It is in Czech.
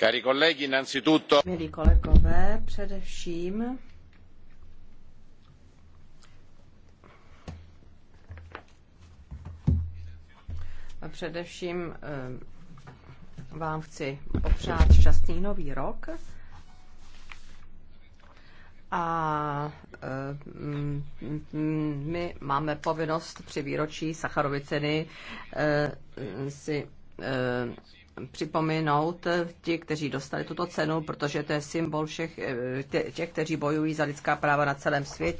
Cari colleghi, innanzitutto... Milí kolegové, především A především eh, vám chci popřát šťastný nový rok a eh, my máme povinnost při výročí Sacharovy ceny eh, si Eh, připomenout ti, kteří dostali tuto cenu, protože to je symbol všech eh, těch, kteří bojují za lidská práva na celém světě.